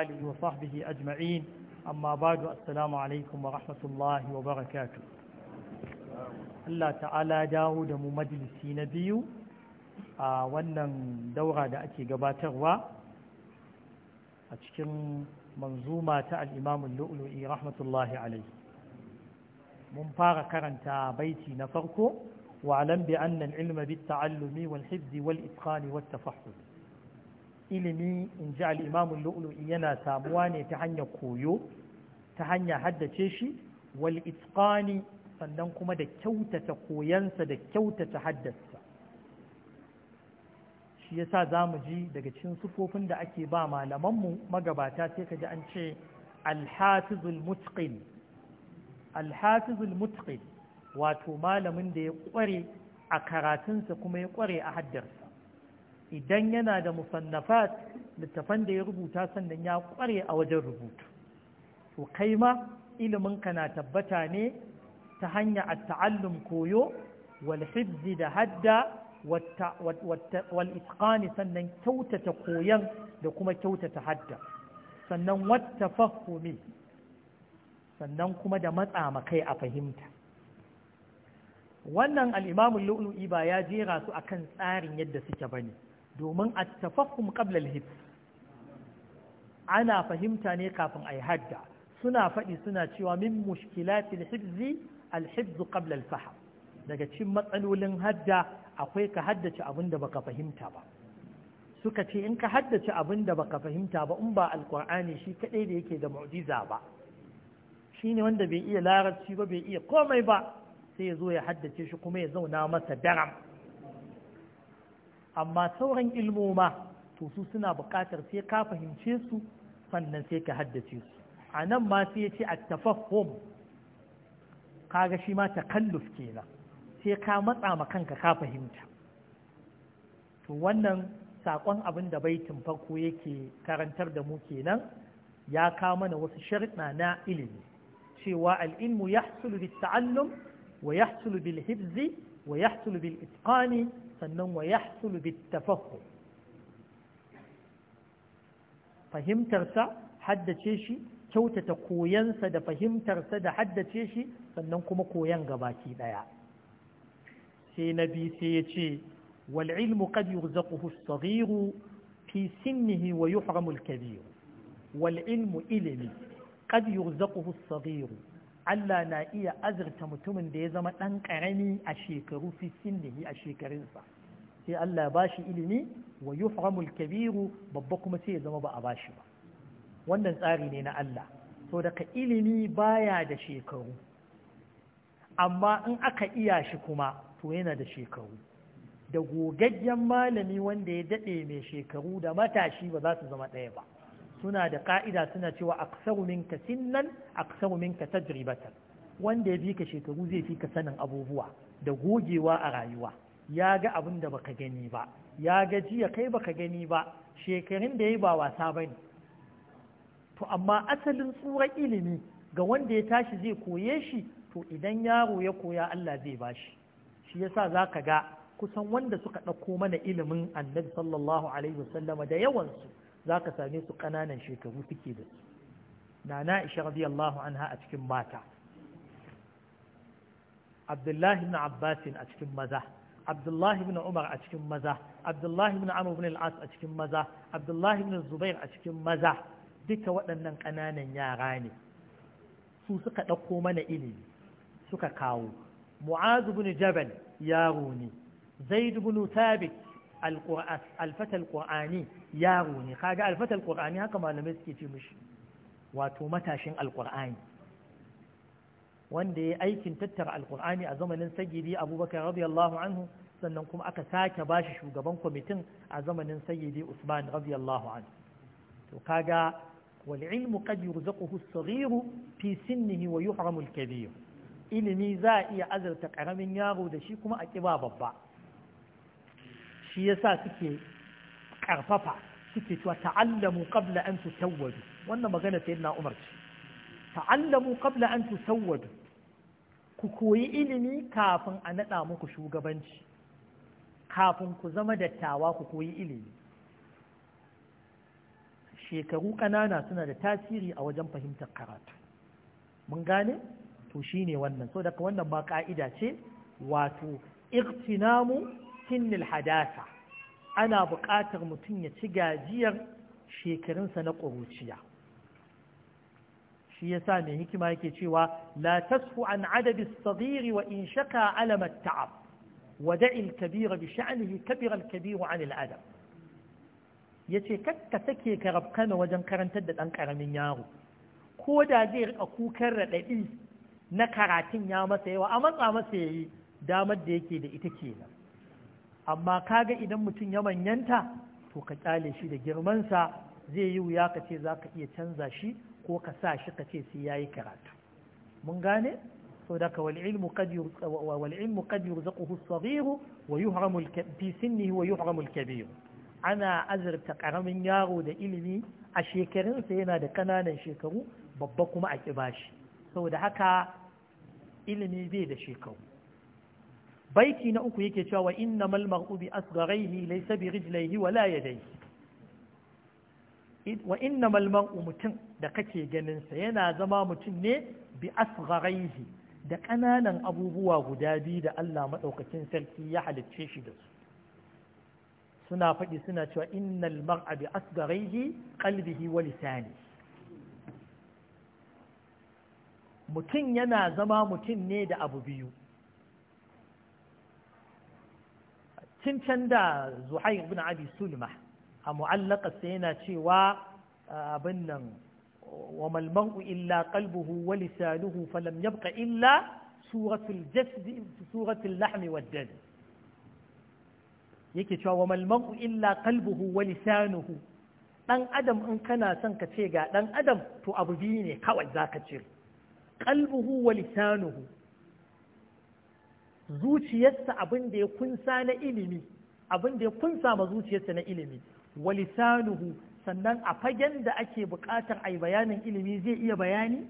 آله وصحبه أجمعين أما بعد السلام عليكم ورحمة الله وبركاته Allah ta'ala dawo da mu majalisi na biyu a wannan daura da ake gabatarwa a cikin manzuma ta al'imamun lu'lu'i rahmatullahi alai mun fara karanta baiti na farko wa'alan bi annan ilma bit ta'allumi wal hibzi wal itqani wat tafahhum ilimi in ji al'imamun lu'lu'i yana samuwa ne ta hanyar koyo ta hanyar haddace shi wal itqani sannan kuma da kyautata koyansa da kyautata haddasa shi ya sa za mu ji daga cikin sufofin da ake ba malamanmu magabata sai ka ji an ce alhafizul alhafizul mutqin wato malamin da ya kware a karatunsa kuma ya kware a haddarsa idan yana da musannafat littafan da ya rubuta sannan ya kware a wajen rubutu to kai ma iliminka na tabbata ne ta hanya a ta'allum koyo wal hibzi da hadda wal itqani sannan kyautata koyon da kuma kyautata hadda sannan wata fahimi sannan kuma da matsa makai a fahimta wannan al'imamun lu'lu'i ba ya jera su akan tsarin yadda suke bane domin a tafahum qabla al ana fahimta ne kafin a yi hadda suna faɗi suna cewa min mushkilatil hifzi al-hifzu fahm daga cikin matsalolin hadda akwai ka haddace abin da baka fahimta ba suka ce in ka haddace abin da baka fahimta ba in ba alqur'ani shi kadai da yake da mu'jiza ba shine wanda bai iya larabci ba bai iya komai ba sai ya zo ya haddace shi kuma ya zauna masa daram amma sauran ilmoma to su suna buƙatar sai ka fahimce su sannan sai ka haddace su a nan ma sai ya ce a tafahum kaga shi ma takalluf kenan sai ka matsa ma kanka ka fahimta to wannan saƙon abin da baitin farko yake karantar da mu kenan ya kawo mana wasu sharɗa na ilimi cewa al'ilmu ya hasulu bil ta'allum wa ya bil hibzi wa ya bil itqani سنو يحصل بالتفهم فهمترسا حد تشيشي كوتة قوين سد فهمترسا حد تشيشي سننكم قوين غباكي بيا نبي سيتشي والعلم قد يرزقه الصغير في سنه ويحرم الكبير والعلم إلمي قد يرزقه الصغير Allah na iya azurta mutumin da ya zama ɗan ƙarami a shekaru fiskin da a shekarunsa sai Allah ba shi ilimi wa yuhramul kabiru babba kuma sai ya zama ba a ba ba wannan tsari ne na Allah so daga ilimi baya da shekaru amma in aka iya shi kuma to yana da shekaru da gogaggen malami wanda ya daɗe mai shekaru da matashi ba za su zama ɗaya ba suna da ka'ida suna cewa aksaru minka sinnan aksaru minka tajribatan wanda ya bi ka shekaru zai fi ka sanin abubuwa da gogewa a rayuwa ya ga abin da baka gani ba ya ga jiya kai baka gani ba shekarun da ya ba wasa ba to amma asalin tsurar ilimi ga wanda ya tashi zai koye shi to idan yaro ya koya Allah zai bashi shi yasa zaka ga kusan wanda suka ɗauko mana ilimin annabi sallallahu alaihi wasallama da yawansu za ka same su ƙananan shekaru suke da su na na isha radiyallahu anha a cikin mata abdullahi ibn abbasin a cikin maza abdullahi ibn umar a cikin maza abdullahi ibn amr ibn al a cikin maza abdullahi ibn zubair a cikin maza duka waɗannan ƙananan yara ne su suka ɗauko mana ilimi suka kawo mu'azu ibn jabal yaro ne zaid ibn thabit alfatal qur'ani yaro ne kaga alfatal qur'ani haka malamai suke ce mishi wato matashin alqur'ani wanda ya aikin tattara alqur'ani a zamanin sayyidi abubakar radiyallahu anhu sannan kuma aka sake bashi shugaban kwamitin a zamanin sayyidi usman radiyallahu anhu to kaga wal ilmu qad yurzaquhu as-saghir fi sinnihi wa yuhramu al-kabir ilimi za a iya azarta karamin yaro da shi kuma a kiba babba shi yasa suke karfafa suke cewa ta'allamu qabla an tusawwadu wannan magana na Umar ce ta'allamu qabla an tusawwadu ku koyi ilimi kafin a naɗa muku shugabanci kafin ku zama dattawa ku koyi ilimi shekaru ƙanana suna da tasiri a wajen fahimtar karatu mun gane to shine wannan so daga wannan ba ka'ida ce wato iktinamu sinnil hadasa ana buƙatar mutum ya ci gajiyar shekarunsa na ƙuruciya shi yasa mai hikima yake cewa la tasfu an adadi sadiri wa in shaka alamat ta'ab wa da'il kabira bi sha'nihi kabira kabiru an al'adab yace kakka take karabkana wajen karantar da ɗan karamin yaro ko da zai rika kukar raɗaɗi na karatun ya masa yawa a matsa masa yayi damar da yake da ita kenan amma kaga idan mutum ya manyanta to ka kyale shi da girmansa zai yi wuya ka ce za ka iya canza shi ko ka sa shi ka ce sai ya yi karatu mun gane so da ka wal ilmu wa yuhramu fi wa yuhramu al-kabir ana azurta karamin yaro da ilimi a shekarunsa yana da kananan shekaru babba kuma a kiba shi saboda haka ilimi bai da shekaru baiti na uku yake cewa innamal maghdubi asgharihi laysa bi rijlaihi wala yadayhi wa innamal mar'u mutum da kake ganin sa yana zama mutum ne bi asgharihi da ƙananan abubuwa guda biyu da Allah maɗaukacin sarki ya halicce shi da su suna faɗi suna cewa innal mar'a bi asgharihi qalbihi wa lisani mutum yana zama mutum ne da abu biyu tun can da zuhai ibn abi sulma a mu'allakarsa yana cewa ah, abin nan wa malman'u illa qalbuhu wa lisanuhu falam yabqa illa suratul jasdi suratul lahmi wad dad yake cewa wa malman'u illa qalbuhu wa lisanuhu dan adam in kana son ka ce ga dan adam to abu biyu ne kawai zaka ce qalbuhu wa lisanuhu zuciyarsa abin da ya kunsa na ilimi abin da ya kunsa ma zuciyarsa na ilimi walisanuhu sannan a fagen da ake buƙatar a yi bayanin ilimi zai iya bayani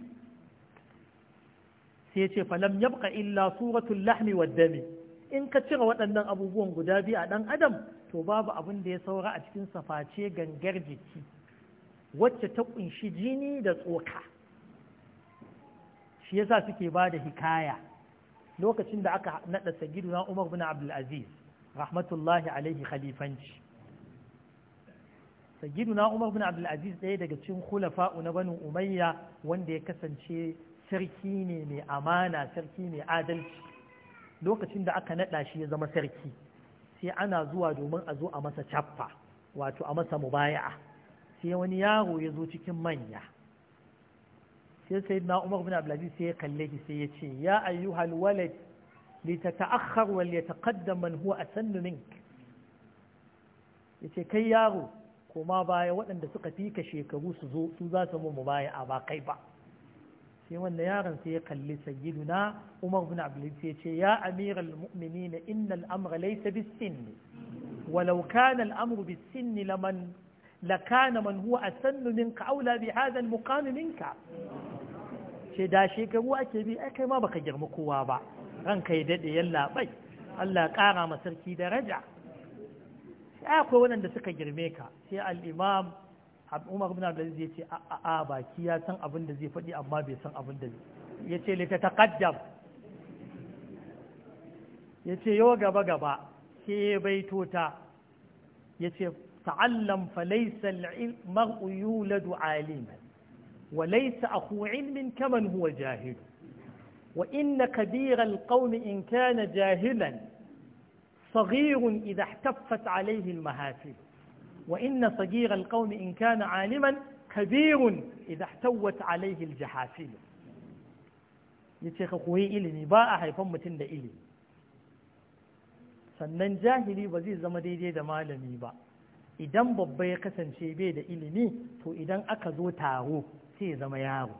sai ce falam yabqa illa suratul lahmi wad dami in ka cire waɗannan abubuwan guda biyu a ɗan adam to babu abin da ya saura a cikin saface gangar jiki wacce ta kunshi jini da tsoka shi yasa suke ba da hikaya lokacin da aka naɗa na umar bin abdulaziz rahmatullahi alaihi khalifanci na umar bin abdulaziz ɗaya daga cikin khulafa'u na banu umayya wanda ya kasance sarki ne mai amana sarki mai adalci lokacin da aka naɗa shi ya zama sarki sai ana zuwa domin a zo a masa cappa wato a masa mubaya'a sai wani yaro ya zo cikin manya سيدنا عمر بن عبد العزيز قال له سيدي يا أيها الولد لتتأخر وليتقدم من هو أسن منك يتي كي ياغو كما باي وأن دسق فيك شيكو سزو سوزا سمو مباي أبا قيبا سيوان ياغن سيقل لسيدنا عمر بن عبد العزيز سيدي يا أمير المؤمنين إن الأمر ليس بالسن ولو كان الأمر بالسن لمن لكان من هو أسن منك أولى بهذا المقام منك ce da shi shekaru ake bi ai kai ma baka girma kowa ba ranka ya daɗe yalla bai Allah ƙara ma sarki daraja sai akwai waɗanda suka girme ka sai al-imam Umar ibn Abdul Aziz yace a a baki ya san abin da zai faɗi amma bai san abin da yace li ta taqaddam yace yo gaba gaba ke baito ta yace ta'allam fa laysa al-mar'u yuladu aliman وليس أخو علم كمن هو جاهل وإن كبير القوم إن كان جاهلا صغير إذا احتفت عليه المهافل وإن صغير القوم إن كان عالما كبير إذا احتوت عليه الجحافل يتيخ قوي إلمي باء حيفم متند إلمي sannan jahili ba zai zama daidai da malami ba idan babba ya kasance bai da ilimi to idan aka zo taro sai ya zama yaro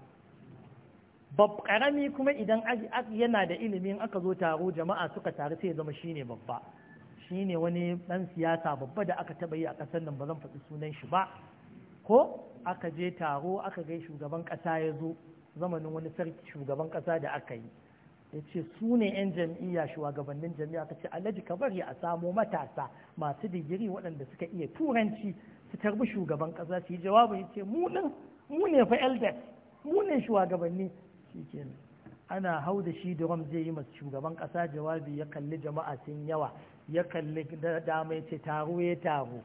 bab karami kuma idan yana da ilimin aka zo taro jama'a suka taru sai ya zama shine babba shine wani ɗan siyasa babba da aka taba yi a kasar nan ba zan faɗi sunan shi ba ko aka je taro aka gai shugaban ƙasa ya zo zamanin wani sarki shugaban ƙasa da aka yi ya ce su ne 'yan jam'iyya shugabannin jam'iyya Ka ce alhaji ka bari a samo matasa masu digiri waɗanda suka iya turanci su tarbi shugaban ƙasa su yi jawabi ya ce mu mu ne fa elders mu ne shugabanni shikenan ana hau da shi da zai yi masu shugaban kasa jawabi ya kalli jama'a sun yawa ya kalli dama ya ce taro ya taro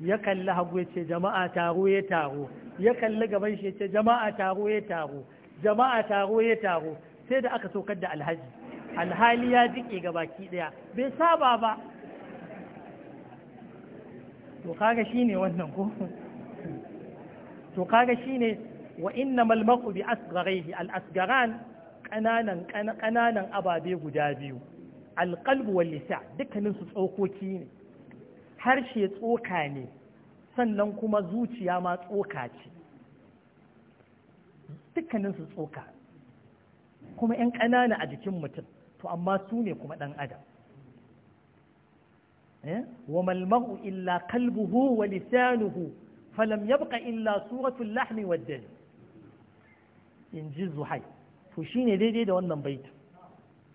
ya kalli hagu ya ce jama'a taro ya taro ya kalli gaban shi ya ce jama'a taro ya taro jama'a taro ya taro sai da aka saukar da alhaji alhali ya jike ga baki daya bai saba ba to kaga shine wannan ko to kaga shine wa innamal maqu bi asgharihi al asgaran kananan kananan ababe guda biyu al qalbu wal lisa dukkanin su tsokoki ne harshe tsoka ne sannan kuma zuciya ma tsoka ce dukkanin su tsoka kuma 'yan ƙanana a jikin mutum to amma su ne kuma ɗan adam eh? wa malmahu illa kalbuhu wa lisanuhu ya yabqa illa suratul lahmi wad dam zuhai to shine daidai da wannan baitin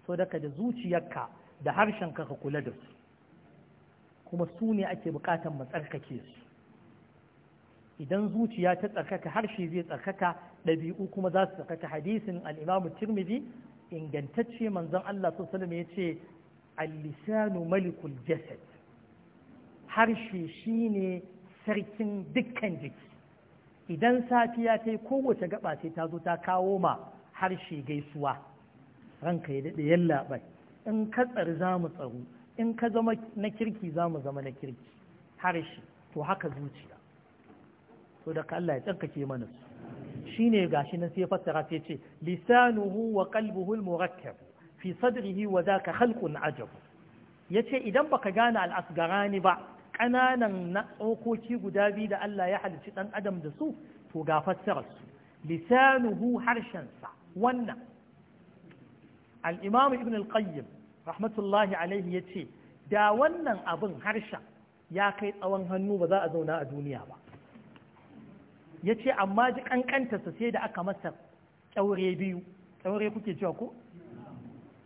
so daga da zuciyarka da harshen ka kula da su kuma su ne ake bukatan mu tsarkake su idan zuciya ta tsarkaka harshe zai tsarkaka ɗabi'u kuma za su tsarkaka hadisin al'imamu tirmidhi ingantacce manzon Allah sallallahu ya ce Allisanu malikul jasad harshe shine sarkin dukkan jiki idan safiya ta yi kowace gaba sai ta zo ta kawo ma harshe gaisuwa ranka ya daɗe yalla in ka tsari za mu tsaro in ka zama na kirki za mu zama na kirki harshe to haka zuciya to da Allah ya tsarkake mana su shine gashi na sai fassara sai ce lisanuhu wa qalbuhu al-murakkab fi sadrihi wa dhaka khalqun ajab yace idan baka gane al-asgarani ba ƙananan na tsokoki guda biyu da Allah ya halicci ɗan adam da su to ga fassararsu lisanuhu harshensa wannan al'imam ibn al-qayyim rahmatullahi alaihi ya ce da wannan abin harshen ya kai tsawon hannu ba za a zauna a duniya ba ya ce amma ji ƙanƙantarsa sai da aka masa ƙyaure biyu ƙyaure kuke cewa ko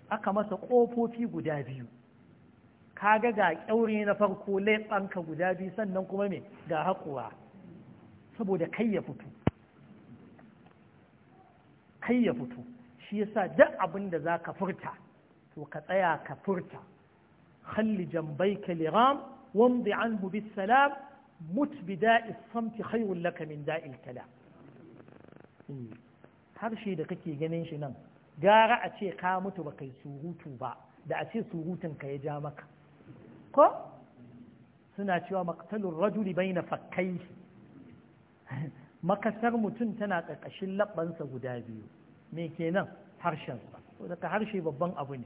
aka masa ƙofofi guda biyu kaga ga kyauri na farko laifanka guda biyu sannan kuma me ga haƙura saboda kai ya fito kai ya fito shi yasa duk abin da za ka furta to ka tsaya ka furta halli jambaika liram wamdi anhu Salam, mut bi da'i samti khairul laka min da'il kalam hmm. harshe da kake ganin shi nan gara a ce ka mutu ba kai surutu ba da a ce surutun ka ya ja maka ko suna cewa maktalin rajuli bai na fakkai makasar mutum tana ƙarƙashin labbansa guda biyu me kenan harshensa daga harshe babban abu ne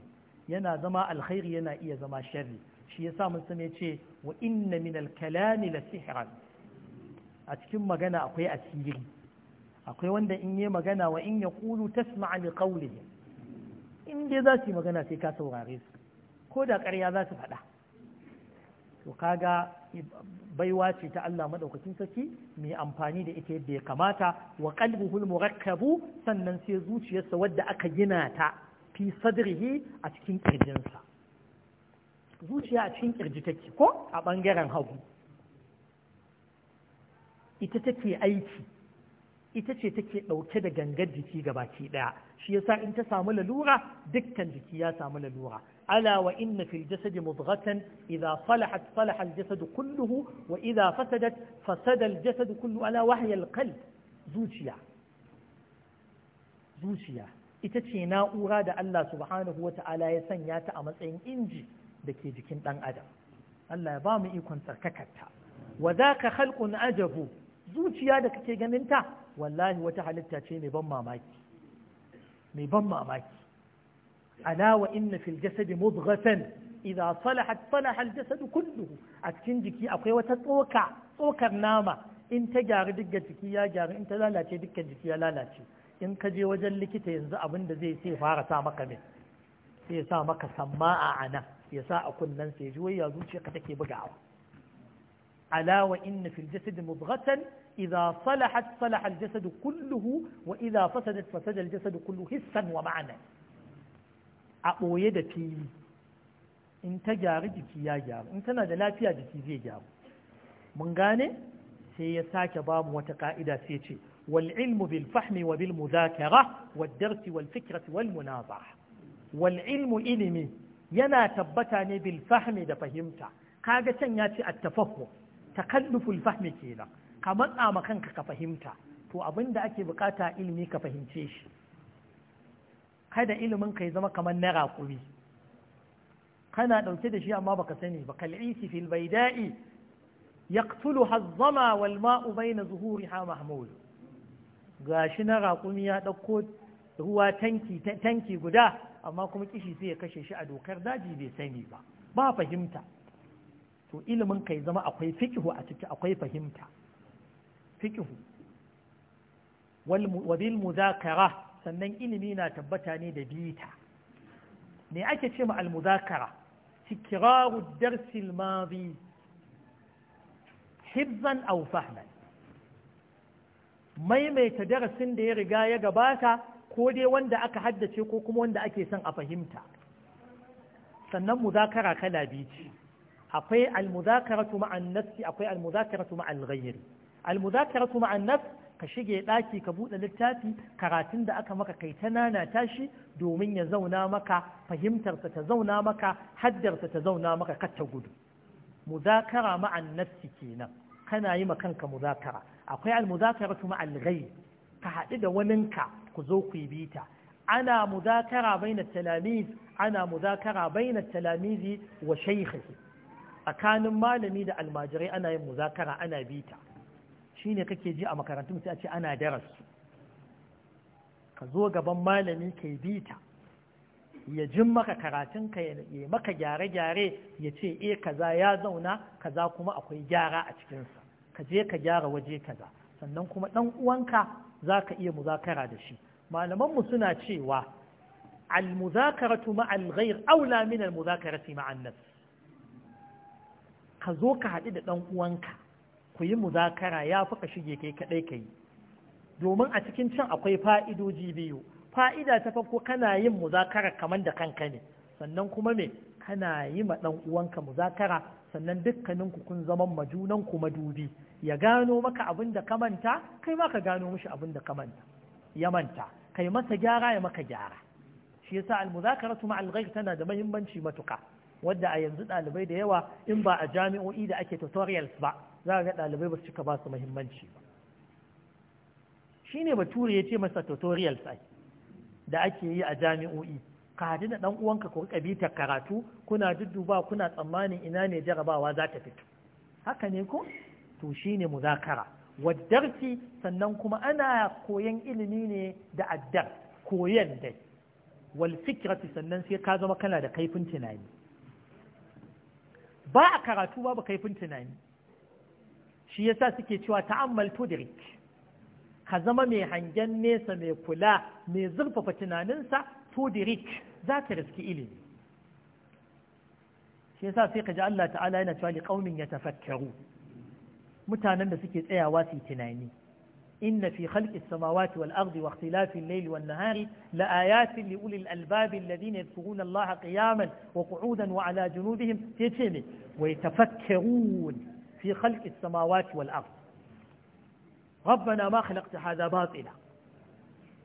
yana zama alkhairi yana iya zama sharri shi ya sa mutum ya ce wa inna min alkalami la sihiran a cikin magana akwai asiri akwai wanda in yi magana wa in ya kulu tasma'a li qawlihi in dai za su yi magana sai ka saurare su ko da ƙarya za su faɗa to kaga baiwa ce ta Allah madaukakin sarki mai amfani da ita yadda ya kamata wa qalbuhul murakkabu sannan sai zuciyarsa wadda aka gina ta fi sadrihi a cikin kirjinsa zuciya a cikin kirji take ko a bangaren hagu ita take aiki ita ce take ɗauke da gangar jiki gabaki ɗaya shi yasa in ta samu lalura dukkan jiki ya samu lalura ألا وإن في الجسد مضغة إذا صلحت صلح الجسد كله وإذا فسدت فسد الجسد كله ألا وهي القلب زوجيا زوجيا ita ce na'ura da Allah subhanahu wa ta'ala ya sanya ta a matsayin inji da ke jikin ɗan adam Allah ya ba mu ikon tsarkakarta wa za ka halƙun ajabu zuciya da kake ganinta wallahi wata halitta ce mai ban mamaki mai ban mamaki ألا وإن في الجسد مضغة إذا صلحت صلح الجسد كله أتكنجك أقوى وتتوكع توكع ناما إن تجار دقة جكي يا جار إن تلالاتي دقة جكي يا لالاتي إن كجي وجل لك تينزع من زي سيفارة سامك من سيسامك سماء عنا يساء كل من سيجوي يزوج يقتكي بقعوة ألا وإن في الجسد مضغة إذا صلحت صلح الجسد كله وإذا فسدت فسد الجسد كله هسا ومعنى a ɓoye da fili in ta gyaru jiki ya gyaru in tana da lafiya jiki zai gyaru mun gane sai ya sake bamu wata ka'ida sai ce wal ilmu bil fahmi wa bil mudhakara wal darsi wal fikrati wal munazaha wal ilmu ilimi yana tabbata ne bil fahmi da fahimta kaga can ya ce at tafahhum takalluful fahmi kenan ka matsa ma kanka ka fahimta to abinda ake bukata ilimi ka fahimce shi kada ilimin ka ya zama kamar na raƙumi kana ɗauke da shi amma baka sani ba kal'isi fil baida'i yaqtuluha az-zama wal ma'u bayna zuhuriha mahmul gashi na raƙumi ya ɗauko ruwa tanki tanki guda amma kuma kishi sai ya kashe shi a dokar daji bai sani ba ba fahimta to ilimin ka ya zama akwai fikihu a ciki akwai fahimta fiqhu wal bil mudhakara sannan ilimi na tabbata ne da bita me ake ce ma almuzakara tikiraru darsil madi hibzan aw fahman maimaita darasin da ya riga ya gabata ko dai wanda aka haddace ko kuma wanda ake son a fahimta sannan muzakara kala biyu ce akwai almuzakaratu ma'an nafsi akwai almuzakaratu ma'an ghayri almuzakaratu ma'an nafsi ka shige ɗaki ka buɗe littafi karatun da aka maka kai ta nana tashi domin ya zauna maka fahimtarsa ta zauna maka haddarsa ta zauna maka kar ta gudu muzakara ma'an nafsi kenan kana yi ma kanka muzakara akwai almuzakara kuma alghayb ka haɗu da waninka ku zo ku yi bita ana muzakara baina talamiz ana muzakara baina talamizi wa shaykhihi tsakanin malami da almajirai ana yin muzakara ana bita Shi ne kake ji a makarantu sai a ce ana daras ka zo gaban malami ka yi bita ya jin maka karatun ka ya maka gyare-gyare ya ce e kaza ya zauna kaza kuma akwai gyara a cikinsa ka je ka gyara waje kaza sannan kuma ɗan uwanka za ka iya muzakara da shi malamanmu suna cewa al almuzakaratu ma'al ghair aula min al al-muzakarati ma'an nas ka zo ka haɗu da ɗan uwanka ku yi muzakara ya fi ka shige kai kaɗai ka yi domin a cikin can akwai fa'idoji biyu fa'ida ta farko kana yin muzakara kamar da kanka ne sannan kuma me kana yi ma ɗan uwanka muzakara sannan dukkaninku kun zama majunanku madubi ya gano maka abin da ka manta kai ma ka gano mishi abin da ka manta ya manta kai masa gyara ya maka gyara shi yasa al-muzakaratu ma'al ghaib tana da muhimmanci matuka wadda a yanzu ɗalibai da yawa in ba a jami'o'i da ake tutorials ba za ga ɗalibai ba su cika ba su muhimmanci ba Shi shine bature ya ce masa tutorial ai da ake yi a jami'o'i ka hadu da ɗan uwanka ku riƙa bitar karatu kuna dudduba kuna tsammanin ina ne jarabawa za ta fito haka ne ko to shi ne muzakara waddarci sannan kuma ana koyan ilimi ne da addar koyan dai wal fikirati sannan sai ka zama kana da kaifin tunani ba a karatu babu kaifin tunani shi yasa suke cewa ta'ammal tudrik ka zama mai hangen nesa mai kula mai zurfafa tunaninsa tudrik za ka riski ilimi shi yasa sai ka ji Allah ta'ala yana cewa liqaumin yatafakkaru mutanen da suke tsayawa su tunani إن في خلق السماوات والأرض واختلاف الليل والنهار لآيات لأولي الألباب الذين يذكرون الله قياما وقعودا وعلى جنوبهم wai ويتفكرون في خلق السماوات والأرض ربنا ما خلقت هذا باطلا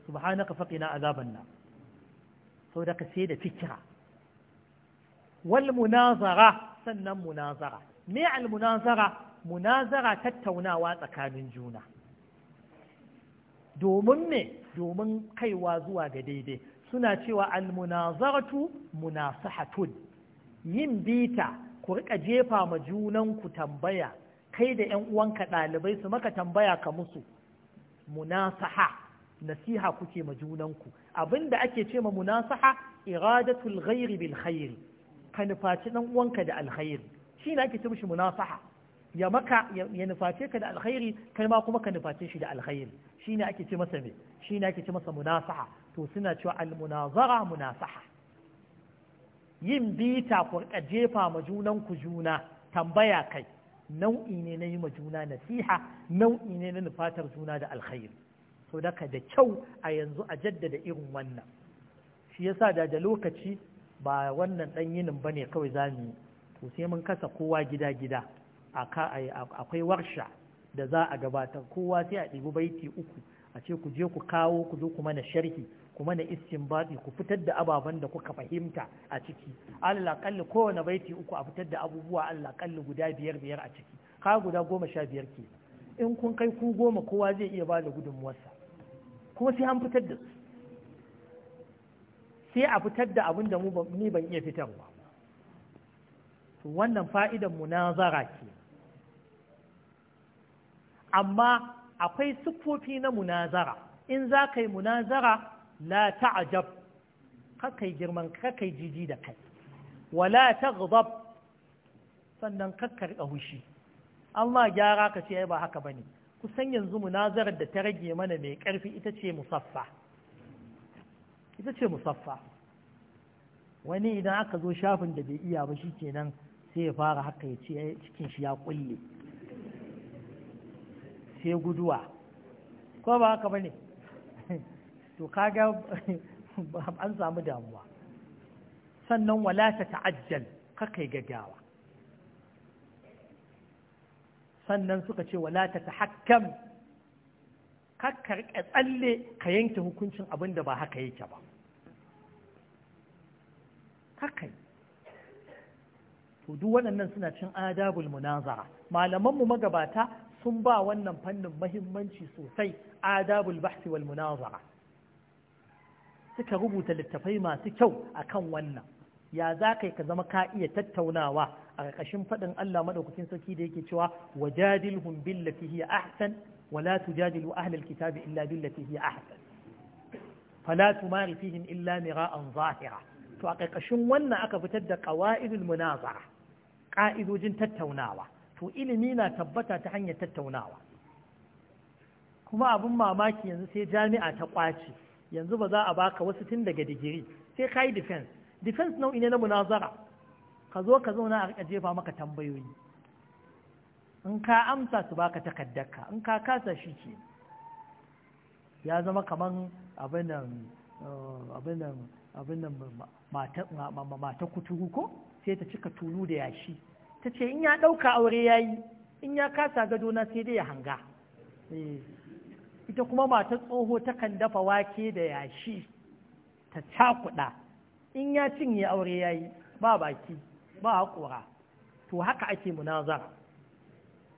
سبحانك فقنا عذاب النار صدق السيدة فكرة والمناظرة سنة مناظرة مع المناظرة مناظرة تتونا واتكان جونا domin ne domin kaiwa zuwa ga daidai suna cewa almunazaratu munasahatun yin bita ku rika jefa ma junanku tambaya kai da ‘yan uwanka ɗalibai su maka tambaya ka musu munasaha nasiha kuke ma junanku abin da ake ce ma munasaha iradatul ghairi bil khairi ka nufaci ɗan uwanka da alkhairi shi ne ake ce mishi munasaha ya maka ya nuface ka da alkhairi kai ma kuma ka nuface shi da alkhairi shi ne ake ce masa me shi ne ake ce masa munasaha to suna cewa al munazara munasaha yin bita ku jefa ma junan ku juna tambaya kai nau'i ne na yi ma juna nasiha nau'i ne na nufatar juna da alkhairi to daka da kyau a yanzu a jaddada irin wannan shi yasa da da lokaci ba wannan dan yinin bane kawai zamu yi to sai mun kasa kowa gida gida akwai warsha da za a gabatar kowa sai a ɗibi baiti uku a ce ku je ku kawo ku zo ku mana sharhi ku mana baɗi ku fitar da ababen da kuka fahimta a ciki Allah kalli kowane baiti uku a fitar da abubuwa Allah kalli guda biyar biyar a ciki ka guda goma sha biyar ke in kun kai ku goma kowa zai iya ba da gudunmuwarsa kuma sai an fitar da su sai a fitar da abin da ni ban iya fitarwa wannan fa'idan zara ke amma akwai siffofi na munazara in za ka yi munazara la ta'ajab kakai girman kakai jiji da kai wala taghdab sannan kakkar hushi Allah gyara ka ce ba haka bane kusan yanzu munazarar da ta rage mana mai karfi ita ce musaffa ita ce musaffa wani idan aka zo shafin da bai iya ba shi kenan sai ya fara haka ya ce cikin shi ya kulle sai guduwa ko ba haka bane to kaga an samu damuwa sannan wala ta ta'ajjal kakai gaggawa sannan suka ce wala ta tahakkam kakkar tsalle ka yanke hukuncin abin da ba haka yake ba kakai to duk waɗannan suna cin adabul munazara malamanmu magabata sun ba wannan fannin mahimmanci sosai adabul bahsi wal munazara suka rubuta littafai masu kyau akan wannan ya za kai ka zama ka iya tattaunawa a ƙarƙashin faɗin Allah madaukakin sarki da yake cewa wajadilhum billati hiya ahsan wala tujadilu ahlal kitabi illa billati hiya ahsan fala tumari fihim illa mira'an zahira to a ƙarƙashin wannan aka fitar da qawaidul munazara ƙa'idojin tattaunawa to ilimi na tabbata ta hanyar tattaunawa kuma abin mamaki yanzu sai jami'a ta kwace yanzu ba za a baka wasu tun daga digiri sai ka yi defense defense nau'i ne na munazara ka zo ka zauna a jefa maka tambayoyi in ka amsa su baka takaddaka in ka kasa shi ke ya zama kamar abin nan mata kuturu ko sai ta cika tulu da yashi ta ce in ya ɗauka aure ya yi in ya kasa gado na sai dai ya hanga eh. ita kuma mata tsoho ta kan dafa wake da yashi ta cakuɗa in ya cinye aure ya yi ba baki ba haƙura to haka ake munazara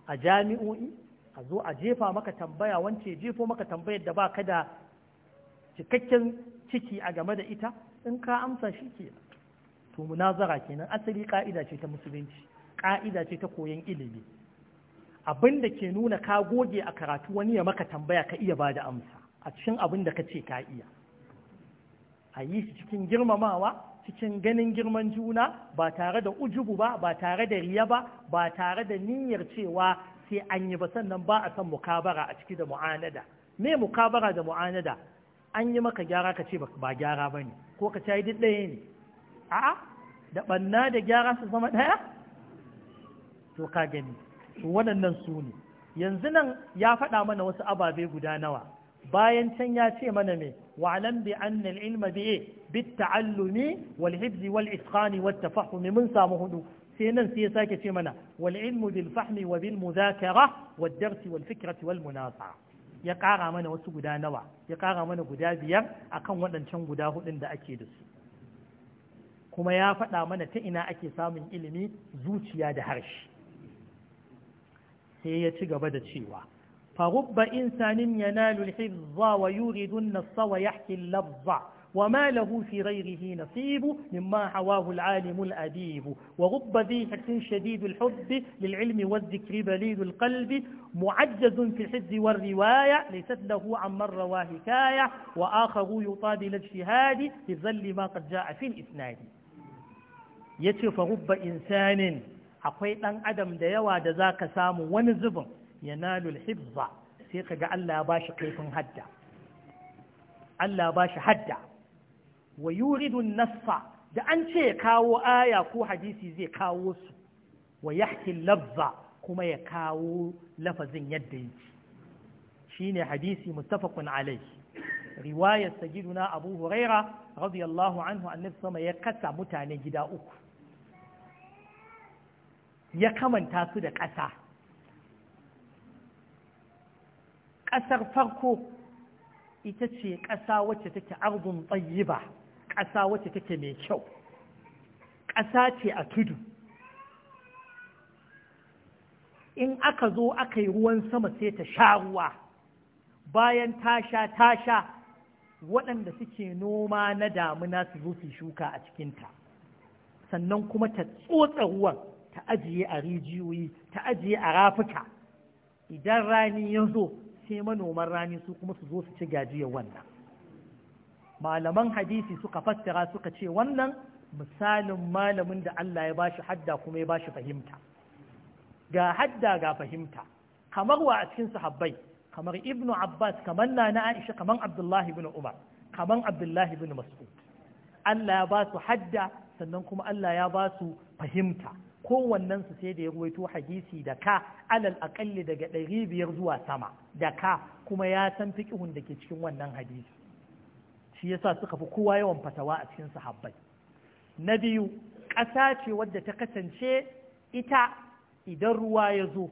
a jami'o'i a zo a jefa maka tambaya wance jefo maka tambayar da ba ka da cikakken ciki a game da ita in ka amsa shi ke to munazara kenan asali ka'ida ce ta musulunci ƙa'ida ce ta koyon ilimi abin da ke nuna ka goge a karatu wani ya maka tambaya ka iya ba da amsa a cikin abin da ka ce ka iya a yi shi cikin girmamawa cikin ganin girman juna ba tare da ujubu ba ba tare da riya ba ba tare da niyyar cewa sai an yi ba sannan ba a san mukabara a ciki da mu'anada me mukabara da mu'anada an yi maka gyara ka ce ba gyara ba ne ko ka duk ɗaya ne a'a da ɓanna da gyara su zama ɗaya to ka gani waɗannan su ne yanzu nan ya faɗa mana wasu ababe guda nawa bayan can ya ce mana me wa'lam bi anna al-ilma bi eh? bit ta'allumi wal hifzi wal itqani wat tafahumi mun samu hudu sai nan sai ya sake ce mana wal ilmu bil fahmi wa bil mudhakara wad darsi wal fikrati wal munazaa ya kara mana wasu guda nawa ya kara mana guda biyar akan waɗancan guda hudun da ake da su kuma ya faɗa mana ta ina ake samun ilimi zuciya da harshe sai ya ci gaba da cewa فغب إنسان ينال الحفظ ويورد النص ويحكي اللفظ وما له في غيره نصيب مما حواه العالم الأديب وغب ذي حس شديد الحب للعلم والذكر بليد القلب معجز في الحفظ والرواية ليست له عن رواه حكاية وآخر يطاب الاجتهاد في ظل ما قد جاء في الإسناد يتف غب إنسان akwai ɗan adam da yawa da za ka samu wani zubin ya nalul hibza sai ka ga Allah ba kaifin hadda Allah ba hadda wa yuridun nasfa da an ce ya kawo aya ko hadisi zai kawo su wa yahki labza kuma ya kawo lafazin yadda yake shine hadisi muttafaqun alayhi riwayar sajiduna abu huraira radiyallahu anhu annabi sama ya kasa mutane gida uku ya kamanta su da ƙasa ƙasar farko ita ce ƙasa wacce take arzun ba, ƙasa wacce take mai kyau ƙasa ce a tudu in aka zo aka yi ruwan sama sai ta sha ruwa bayan tasha tasha waɗanda suke noma na damuna su zo su shuka a cikinta sannan kuma ta tsotsa ruwan ta ajiye a rijiyoyi ta ajiye a rafuka idan rani ya zo sai manoman rani su kuma su zo su ci gajiyar wannan malaman hadisi suka fassara suka ce wannan misalin malamin da Allah ya bashi hadda kuma ya bashi fahimta ga hadda ga fahimta kamar wa a cikin sahabbai kamar ibnu abbas kamar nana aisha kamar abdullahi ibn umar kamar abdullahi ibn mas'ud Allah ya ba su hadda sannan kuma Allah ya ba su fahimta kowannen su sai da ya ruwaito hadisi da ka alal aƙalli daga ɗari biyar zuwa sama da ka kuma ya san fiƙihun da ke cikin wannan hadisi shi yasa suka fi kowa yawan fatawa a cikin sahabbai na biyu ƙasa ce wadda ta kasance ita idan ruwa ya zo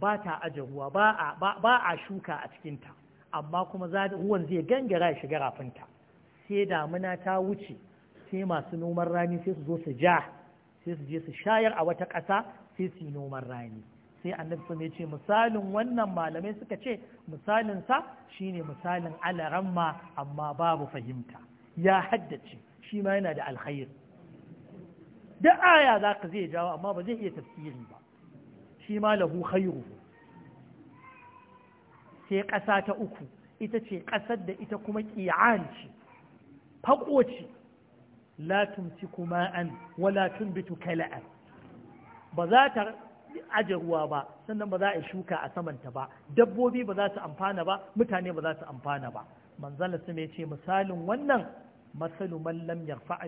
ba ta aje ruwa ba a shuka a cikinta amma kuma ruwan zai gangara ya shiga rafinta sai damuna ta wuce sai masu noman rani sai su zo su ja sai su je su shayar a wata ƙasa sai su yi noman rani sai annabi sun ya ce misalin wannan malamai suka ce misalin sa shine misalin alaramma amma babu fahimta ya haddace shi ma yana da alkhairi da aya za ka zai jawo amma ba zai iya tafsiri ba shi ma lahu khairu sai ƙasa ta uku ita ce ƙasar da ita kuma ƙi'an ce faƙo ce la tumsiku ma'an wala tunbitu kala'an ba za ta aje ruwa ba sannan ba za a shuka a samanta ba dabbobi ba za su amfana ba mutane ba za su amfana ba manzala su ce misalin wannan matsalu man lam yarfa'a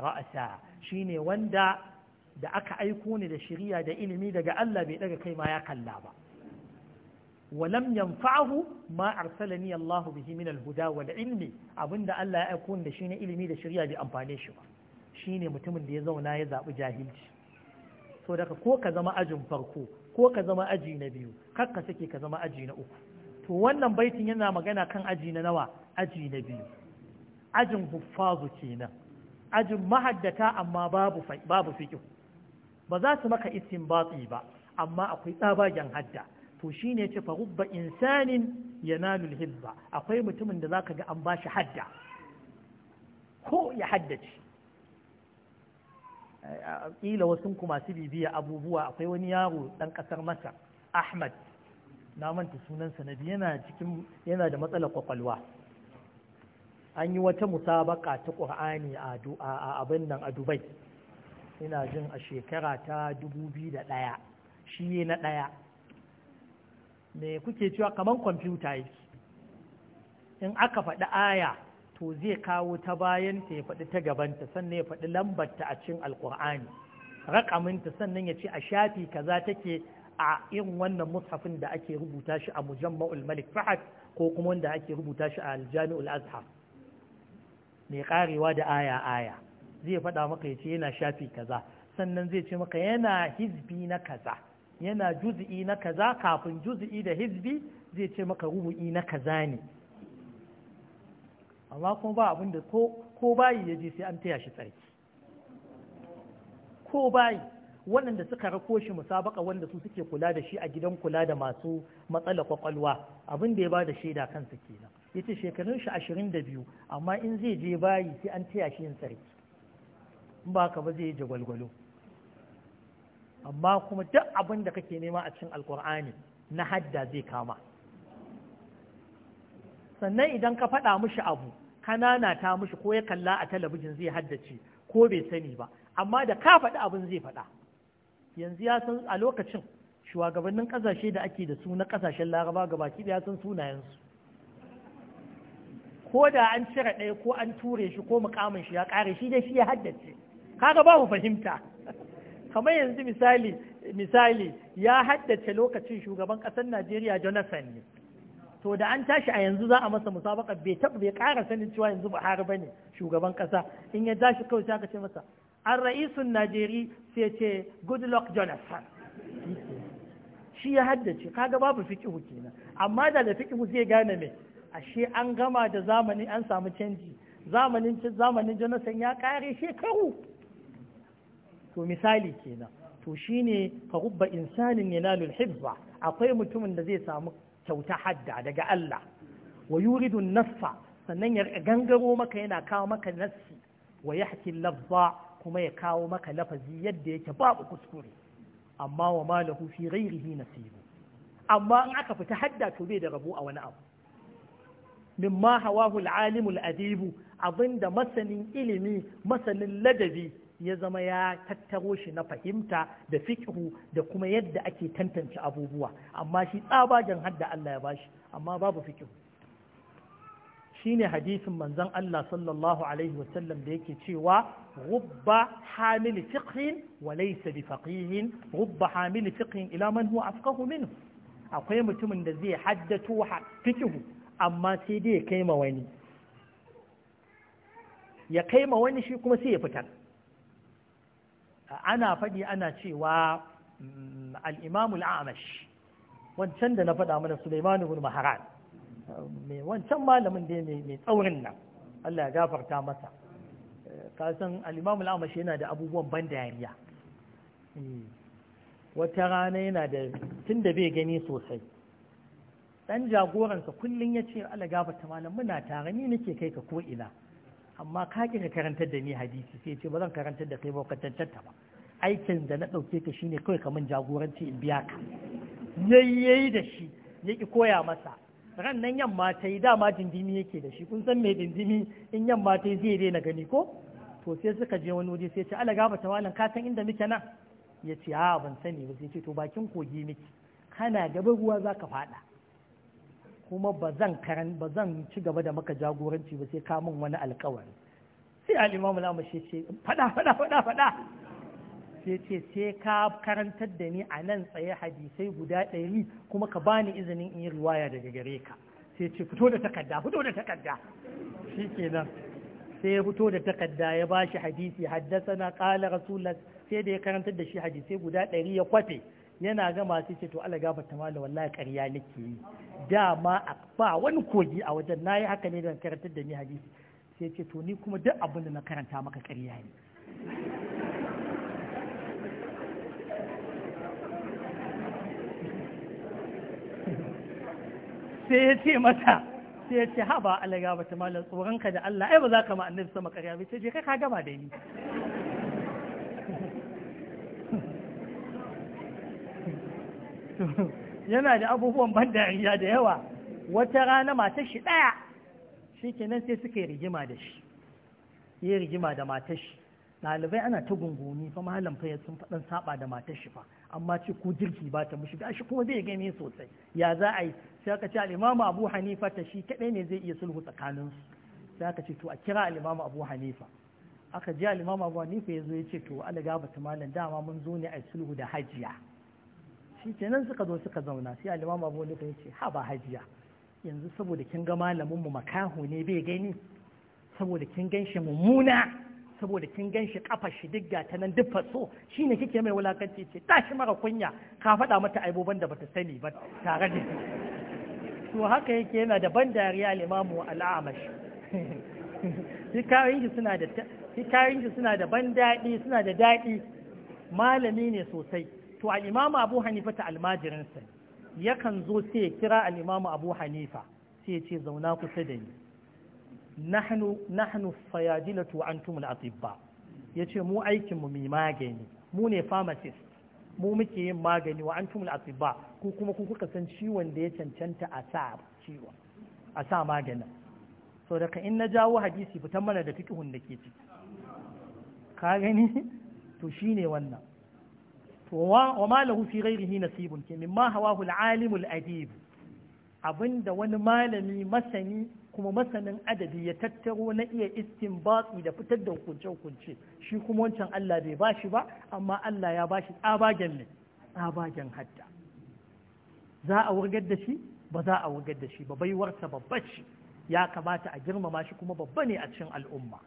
ra'asa shine wanda da aka aiko ne da shari'a da ilimi daga Allah bai daga kai ma ya kalla ba ولم ينفعه ما أرسلني الله به من الهدى والعلم أبن دا الله يكون دا شيني إلمي دا شريعة دي mutumin شيني متمن دي زونا يزعب jahilci to daga ko ka zama ajin farko ko ka zama aji na biyu kar ka sake ka zama aji na uku to wannan baitin yana magana kan aji na nawa aji na biyu ajin huffazu kenan ajin mahaddata amma babu babu ba za su maka istinbati ba amma akwai tsabagen hadda to ne yace fa rubba insanin yanalul hibba akwai mutumin da za ka ga an shi hadda ko ya haddace kila wasu masu bibiya abubuwa akwai wani yaro ɗan ƙasar masar ahmad na manta sunansa na biyu yana cikin yana da matsalar kwakwalwa an yi wata musabaka ta ƙur'ani a abin nan a dubai ina jin a shekara ta 2001 shi na ɗaya me kuke cewa kamar kwamfuta yake in aka faɗi aya to zai kawo ta bayan ta ya faɗi ta gabanta sannan ya faɗi lambarta a cikin alkur'ani rakaminta sannan ya ce a shafi kaza take a irin wannan mushafin da ake rubuta shi a mujamma'ul malik fahad ko kuma wanda ake rubuta shi a aljami'ul azhar mai karewa da aya aya zai faɗa maka ya ce yana shafi kaza sannan zai ce maka yana hizbi na kaza yana juzi'i na kaza kafin juzi'i da hizbi zai ce maka rubu'i na kaza ne amma kuma ba abin da ko bayi ya je sai an taya shi tsarki ko bayi waɗanda suka rako shi musabaka wanda su suke kula da shi a gidan kula da masu matsala kwakwalwa abin da ya ba da shaida kansa kenan ya shekarun shi ashirin da biyu amma in zai je bayi sai an taya shi yin tsarki in ba kaba ba zai yi jagwalgwalo amma kuma duk abin da kake nema a cikin alkur'ani na hadda zai kama sannan idan ka faɗa mishi abu kanana ta mishi ko ya kalla a talabijin zai haddace ko bai sani ba amma da ka faɗi abin zai faɗa yanzu ya san a lokacin shugabannin ƙasashe da ake da su na ƙasashen laraba gabaki ya san sunayensu ko da an cire ɗaya ko an ture shi ko mukamin shi ya ƙare shi dai shi ya haddace kaga babu fahimta kamar yanzu misali misali ya haddace lokacin shugaban ƙasar Najeriya Jonathan ne to da an tashi a yanzu za a masa musabaka bai taɓa bai ƙara sanin cewa yanzu Buhari bane shugaban ƙasa in ya tashi kawai sai aka ce masa an ra'isun Najeri sai ce good luck Jonathan shi ya haddace kaga babu fikihu kenan amma da da fikihu zai gane me ashe an gama da zamani an samu canji zamanin zamanin Jonathan ya kare shekaru to misali kenan to shine ka rubba insanin yanalul hibba akwai mutumin da zai samu kyauta hadda daga Allah wa yuridu nafsa sannan ya gangaro maka yana kawo maka nassi wa yahki lafza kuma ya kawo maka lafazi yadda yake babu kuskure amma wa malahu fi ghairihi nasibu amma in aka fita hadda to bai da rabo a wani abu Nimma hawahu al-alimu adibu abinda masanin ilimi masanin ladabi ya zama ya tattaro shi na fahimta da fikihu da kuma yadda ake tantance abubuwa amma shi tsabagen hadda Allah ya bashi amma babu fikihu shine hadisin manzon Allah sallallahu alaihi sallam da yake cewa rubba hamil fiqhin wa laysa bi faqihin rubba hamil fiqhin ila man huwa afqahu minhu akwai mutumin da zai haddato fikihu amma sai dai ya kai ma wani ya kai ma wani shi kuma sai ya fitar ana faɗi ana cewa mm, al'imamul amash wancan da na faɗa mana Sulaiman ibn Maharan wancan malamin da mai tsaurin nan Allah ya gafarta masa kasan al'imamul amash yana da abubuwan ban dariya eh, wata rana yana da tun da bai gani sosai ɗan jagoransa kullum ya ce Allah gafarta malam muna tare ni nake kai ka ko ina amma ka ƙira karantar da ni hadisi sai ce ba zan karantar da kai ba ka ta ba aikin da na ɗauke ka shine kawai mun jagoranci in biya ka yayyayi da shi ya ki koya masa ran nan yamma ta yi dama dindimi yake da shi kun san mai dindimi in yamma ta yi zai daina gani ko to sai suka je wani waje sai ce ala gaba ta malam ka san inda muke nan ya ce a ban sani ba sai ce to bakin kogi miki kana gaba ruwa za ka faɗa kuma ba zan karan ba zan ci gaba da maka jagoranci ba sai ka min wani alkawari sai al'imamu lamashe ce faɗa faɗa faɗa faɗa sai ce sai ka karantar da ni a nan tsaye hadisai guda ɗari kuma ka bani izinin in yi riwaya daga gare ka sai ce fito da takarda fito da takarda shi kenan sai ya fito da takarda ya ba shi hadisi haddasana ƙala rasulullah sai da ya karantar da shi hadisai guda ɗari ya kwafe yana gama sai ce to Allah ta mala wallahi ƙarya nake yi dama ba wani kogi a wajen na yi haka ne don karantar da ni hadisi sai ce to ni kuma duk abin da na karanta maka ƙarya ne sai ya ce mata sai ya ce ha ba alaga ba ta malam tsoron da Allah ai ba za ka ma annabi sama ƙarya ba ta je kai ka gama da ni yana da abubuwan ban dariya da yawa wata rana matar shi ɗaya shi kenan sai suka yi rigima da shi yi rigima da matar shi ɗalibai ana ta gungumi fa malam fa sun faɗan saba da matar shi fa amma ce ko jirki ba ta mushi gashi kuma zai gani sosai ya za a yi sai aka ce al'imamu Abu Hanifa ta shi kaɗai ne zai iya sulhu tsakanin su sai aka ce to a kira alimamu Abu Hanifa aka ji alimamu Abu Hanifa ya zo ya ce to ala gaba ta malam dama mun zo ne a sulhu da hajiya shi nan suka zo suka zauna sai alimamu Abu Hanifa ya ce ha ba hajiya yanzu saboda kin ga malamin mu makaho ne bai gani saboda kin ganshi mummuna saboda kin gan shi kafa shi duk ta nan duk faso Shi shine kike mai wulakanci ce tashi mara kunya ka faɗa mata aiboban da bata sani ba tare da shi. to haka yake yana da ban dariya al-imamu al-amash hikayoyin shi suna da hikayoyin shi suna da ban daɗi suna da daɗi malami ne sosai to al-imamu abu hanifa ta almajirinsa yakan zo sai ya kira al abu hanifa sai ya ce zauna kusa da ni nahnu nahnu sayajilatu antum al-atibba yace mu aikinmu mai magani mu ne pharmacist mu muke yin magani wa an al-atibba ku kuma ku kuka san ciwon da ya cancanta a sa ciwon a sa maganin so daga in na jawo hadisi fitan mana da fiqhun da ke ciki ka gani to shine wannan to wa ma lahu fi ghairihi nasibun ke mimma hawahu al-alim al-adib abinda wani malami masani kuma masanin adadi ya tattaro na iya batsi da fitar da hukunce-hukunce shi kuma wancan Allah bai bashi ba amma Allah ya bashi tsabagen ne tsabagen hadda za a wurgar da shi ba za a wurgar da shi ba baiwarsa babba shi ya kamata a girmama shi kuma babba ne a cikin al'umma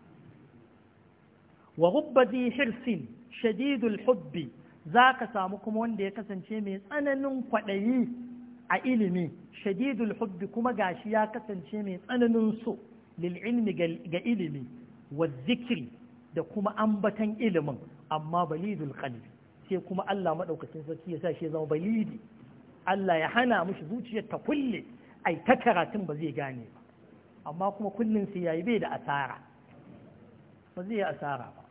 wa hirsin shadidul hubbi za ka samu kuma wanda ya kasance mai tsananin kwaɗayi a ilimi shadidul hubbi kuma gashi ya kasance mai tsananin so lil ilmi ga ilimi wa zikri da kuma ambatan ilimin amma balidul qalbi sai kuma Allah madaukakin sarki ya sa shi zama balidi Allah ya hana mushi zuciyar ta kulle ai ta karatun ba zai gane ba amma kuma kullun sai yayi bai da asara ba zai asara ba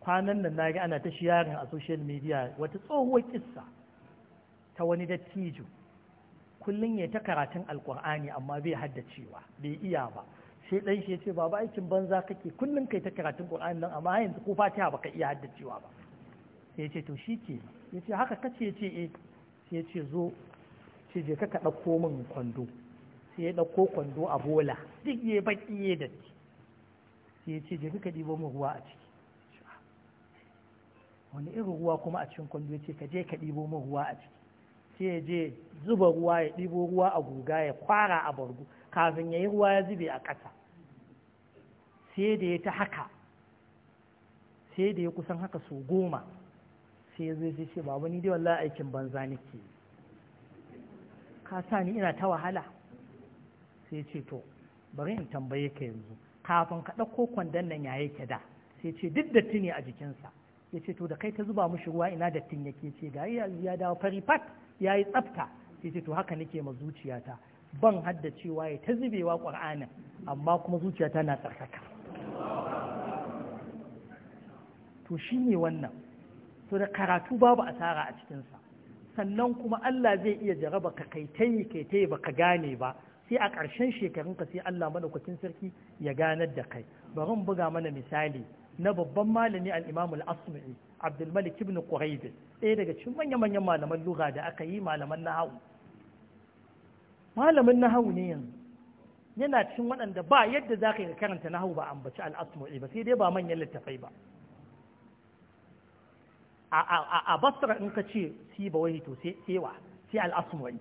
kwanan nan naga ana ta shiyarin a social media wata tsohuwar kissa ta wani dattijo kullum ya ta karatun alkur'ani amma bai haddacewa bai iya ba sai dan shi ce baba aikin banza kake kullum kai ta karatun alkur'ani nan amma yanzu ko fatiha baka iya haddacewa ba sai ya ce to shike ya ce haka kace ya ce eh sai ya ce zo ce je ka ka dauko min kwando sai ya dauko kwando a bola duk ya baki ya datti sai ya ce je ka dibo min ruwa a ciki ah. wani irin ruwa kuma a cikin kwando ya ce ka je ka dibo min ruwa a ciki sai je zuba ruwa ya ɗibo ruwa a guga ya kwara a bargu kafin ya yi ruwa ya zube a ƙasa sai da ya ta haka sai da ya kusan haka su goma sai ya zai ce babu ni dai wallahi aikin banza nake ka sa ni ina ta wahala sai ce to bari in tambaye ka yanzu kafin ka ɗauko kwandon nan ya yake da sai ce duk da tuni a jikinsa ya ce to da kai ta zuba mushi ruwa ina dattin yake ce ga ya dawo fari fat ya yi tsafta ya ce to haka nake ma zuciyata ban haddacewa ya ta zubewa ƙur'anin amma kuma zuciyata na tsarkaka to shi ne wannan to da karatu babu asara a cikinsa sannan kuma Allah zai iya jaraba ka kai tayi kai tayi baka gane ba sai a ƙarshen shekarunka sai Allah madaukakin sarki ya ganar da kai bari buga mana misali na babban malami al-Imam al-Asma'i Abdul Malik ibn Qurayd ɗaya daga cikin manya-manyan malaman lugha da aka yi malaman nahawu malamin nahawu ne yanzu yana cikin waɗanda ba yadda za ka yi karanta nahawu ba ambaci al-Asma'i ba sai dai ba manyan littafai ba a basra in ka ce si ba wai to sai sewa sai al-Asma'i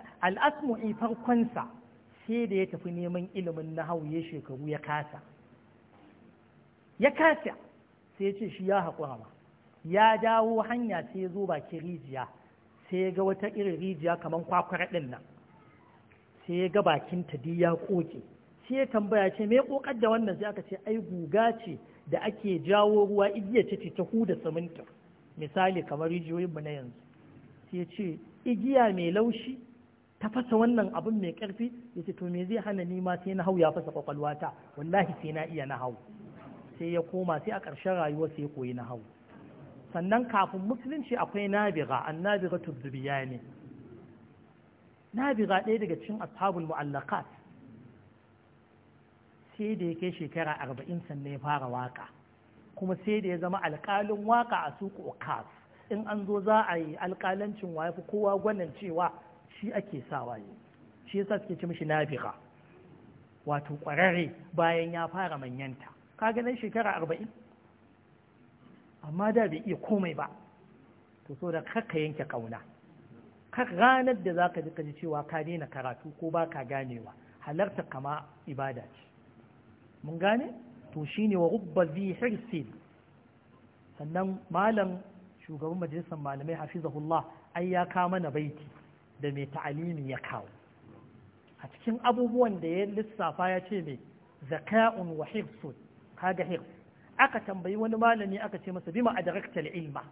al-Asma'i farkonsa sai da ya tafi neman ilimin nahawu ya shekaru ya kasa ya kasa sai ce shi ya haƙura ma ya dawo hanya sai ya zo baki rijiya sai ya ga wata irin rijiya kamar kwakwar ɗin nan sai ya ga bakin ta ya ƙoƙe sai ya tambaya ce me ƙoƙar da wannan sai aka ce ai guga ce da ake jawo ruwa igiya ce ta huda simintin misali kamar rijiyoyinmu na yanzu sai ya ce igiya mai laushi ta fasa wannan abin mai karfi ya ce to me zai hana ni ma sai na hau ya fasa kwakwalwata wallahi sai na iya na hau sai ya koma sai a ƙarshen rayuwa sai ya koyi na hau sannan kafin musulunci akwai nabiga an nabiga tuzuriya ne nabiga ɗaya daga cikin ashabul mu'allakat sai da ya kai shekara arba'in sannan ya fara waka kuma sai da ya zama alƙalin waka a suku okas in an zo za a yi alƙalancin wa kowa gwanin cewa shi ake sawa ne shi yasa suke ci mishi nabiga wato ƙwararre bayan ya fara manyanta kaga nan shekara arba'in amma da bai iya komai ba to so da kakka yanke kauna kar ranar da za ka ji ka ji cewa ka daina karatu ko ba ka ganewa halarta kama ibada ce mun gane to shine wa rubba zi hirsin sannan malam shugaban majalisar malamai hafizahullah ai ya kama na baiti da mai ta'alimi ya kawo a cikin abubuwan da ya lissafa ya ce mai zaka'un wa hirsun kaga aka tambayi wani malami aka ce masa bima daraktar ilma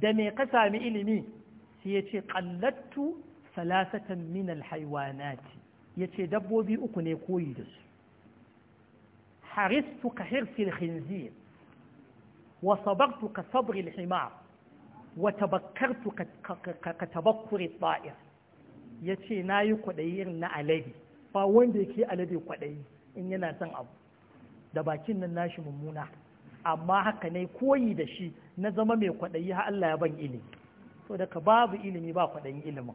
da me ka sami ilimi sai ya ce qallattu salasatan min alhaywanat ya ce dabbobi uku ne koyi da su haristu ka hirsil khinzir wa sabartu ka sabri alhimar wa tabakkartu ka tabakkuri tsa'ir ya ce na yi kwaɗayi irin na alade ba wanda yake alade kwaɗayi in yana son abu da bakin nan nashi mummuna amma haka ne koyi da shi na zama mai kwaɗayi har Allah ya ban ilimi so daga babu ilimi ba kwaɗayin ilimin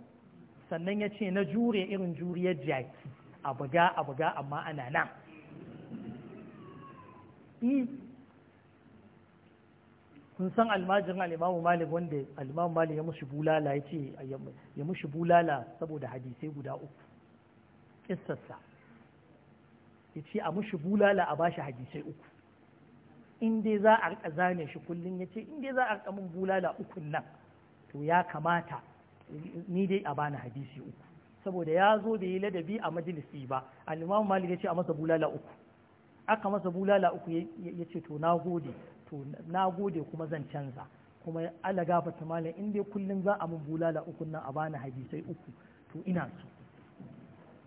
sannan ya ce na jure irin juriyar jaki a buga a buga amma ana nan e, kun san almajirin al'imamu malik wanda al'imamu malik ya mushi bulala ya ce ya mushi bulala saboda hadisai guda uku kissarsa ya ce a mushi bulala a bashi hadisai uku in dai za a rika zane shi kullum ya ce in dai za a rika min bulala uku nan to ya kamata ni dai a bani hadisi uku saboda ya zo da yi ladabi a majalisi ba al'imamu malik ya ce a masa bulala uku aka masa bulala uku ya ce to na gode to na gode kuma zan canza kuma ala gafata malam in dai kullum za a min bulala uku nan a bani hadisai uku to ina so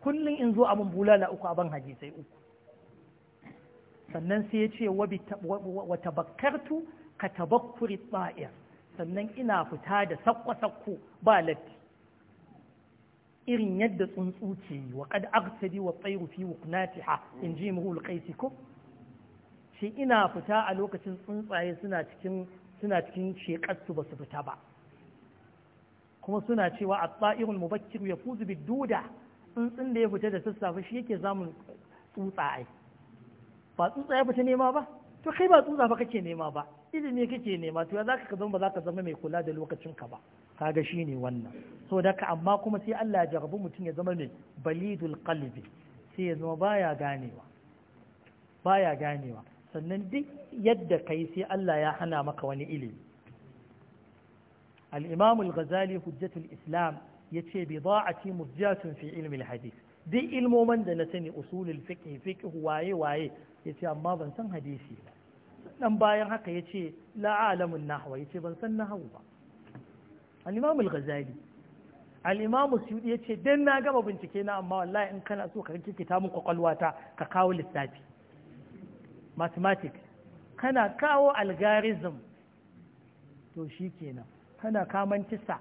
kullum in zo a min bulala uku a ban hadisai uku sannan sai ya ce wa tabakkartu ka tabakkuri tsa'ir sannan ina fita da sakwa-sakko ba latti irin yadda tsuntsu ke yi wa kad aksadi wa tsairu fi wuqnatiha in ji muhul qaisi ko shi ina fita a lokacin tsuntsaye suna cikin suna cikin shekarsu ba su fita ba kuma suna cewa a tsa'irul mubakkiru ya fuzu duda tsuntsun da ya fita da sassafe shi yake zamun tsuntsaye ba tsutsa ya fita nema ba to kai ba tsutsa ba kake nema ba ilimi kake nema to ya zaka ka zama ba zaka zama mai kula da lokacin ka ba kaga shine wannan so da ka amma kuma sai Allah ya jarabu mutum ya zama mai balidul qalbi sai ya zama baya ganewa baya ganewa sannan duk yadda kai sai Allah ya hana maka wani ilimi al-Imam al-Ghazali hujjatul Islam ya ce bi za a ci murjatun fi ilmin hadith duk ilmomin da na sani usulul fiqh fiqh waye waye ya ce amma ban san hadisi ba dan bayan haka ya ce la'alamun nahwa ya ce ban san nahawu ba al-imam al-ghazali al-imam suyudi ya ce dan na gama bincike na amma wallahi in kana so ka kikita kitabun kwakwalwata ka kawo lissafi mathematics kana kawo algorithm to shikenan kana kamantisa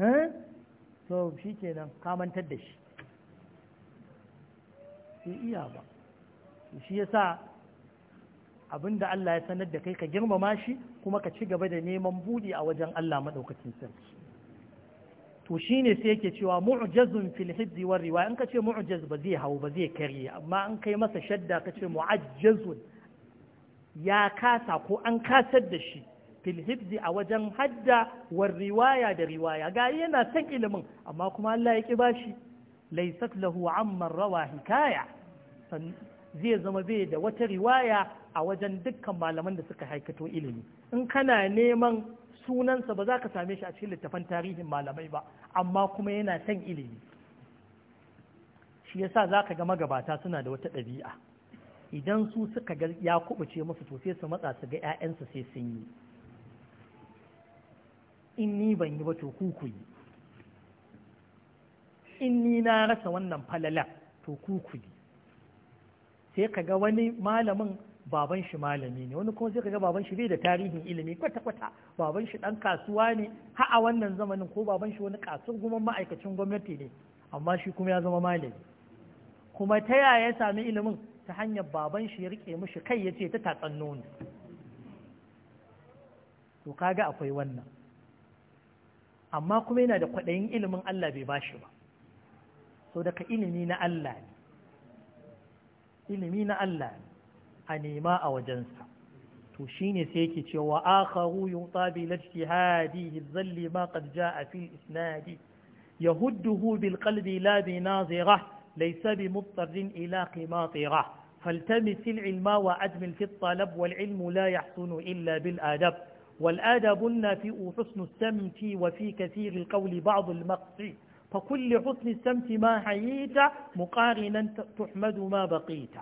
eh so shi kenan kamantar da shi sai iya ba shi yasa abinda Allah ya sanar da kai ka girmama shi kuma ka ci gaba da neman buɗe a wajen Allah maɗaukacin sarki to shi ne sai yake cewa mu'jazun fil hiddi war in ka ce mu'jaz ba zai hau ba zai karye amma an kai masa shadda ka ce mu'ajjazun ya kasa ko an kasar da shi fil a wajen hadda war riwaya da riwaya ga yana son ilimin amma kuma Allah ya ki shi laysat lahu amman rawa hikaya zai zama bai da wata riwaya a wajen dukkan malaman da suka haikato ilimi in kana neman sunansa ba za ka same shi a cikin littafan tarihin malamai ba amma kuma yana son ilimi shi yasa za ka ga magabata suna da wata ɗabi'a idan su suka ga ya kubuce musu to sai su matsa su ga 'ya'yansu sai sun yi in ni ban yi ba to ku ku yi in ni na rasa wannan falala to ku ku yi sai kaga wani malamin baban shi malami ne wani kuma sai kaga baban shi bai da tarihin ilimi kwata kwata baban shi dan kasuwa ne ha a wannan zamanin ko baban shi wani kasuwar kuma ma'aikacin gwamnati ne amma shi kuma ya zama malami kuma ta yaya ya sami ilimin ta hanyar baban shi ya rike mishi kai ya ce ta tatsan nono to kaga akwai wannan amma kuma yana da kwaɗayin ilimin Allah bai ba shi ba so daga ilimi na Allah ne ilimi na Allah ne a nema a wajensa to shine sai yake cewa akharu yuta bi lijtihadihi zalli ma qad jaa fi isnadi yahudduhu bil qalbi la bi nazira laysa bi muttarrin ila qimatira faltamis al ilma wa admil fi al talab wal ilmu la yahsunu illa bil adab والادب في حسن السمت وفي كثير القول بعض المقص فكل حسن السمت ما حييت مقارنا تحمد ما بقيت